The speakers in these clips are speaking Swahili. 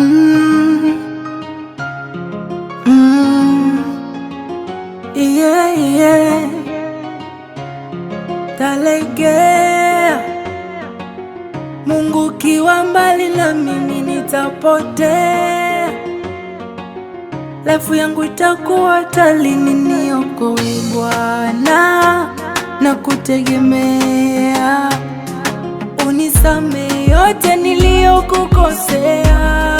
Mm-hmm. Mm-hmm. Talegea Mungu kiwa mbali na mimi nitapotea, lafu yangu itakuwa talini, niokoe Bwana na kutegemea, unisamehe yote niliyokukosea.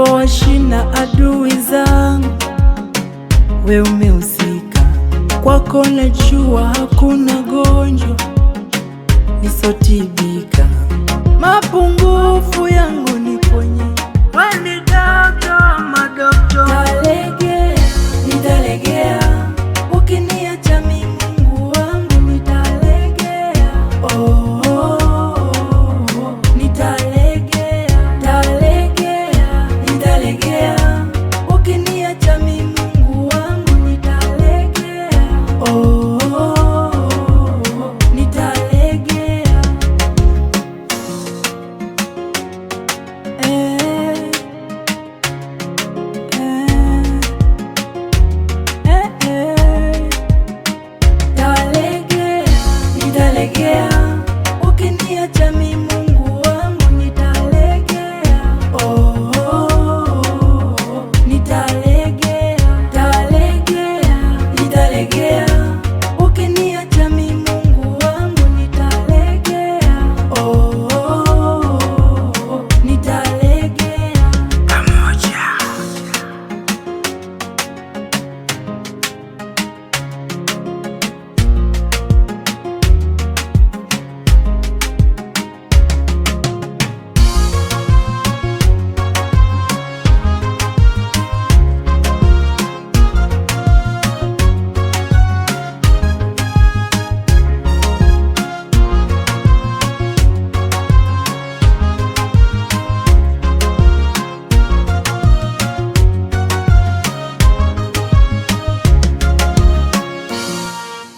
nilipowashinda adui zangu, we umehusika. Kwako najua hakuna gonjwa nisotibika, mapungufu yangu Nigga. alegría.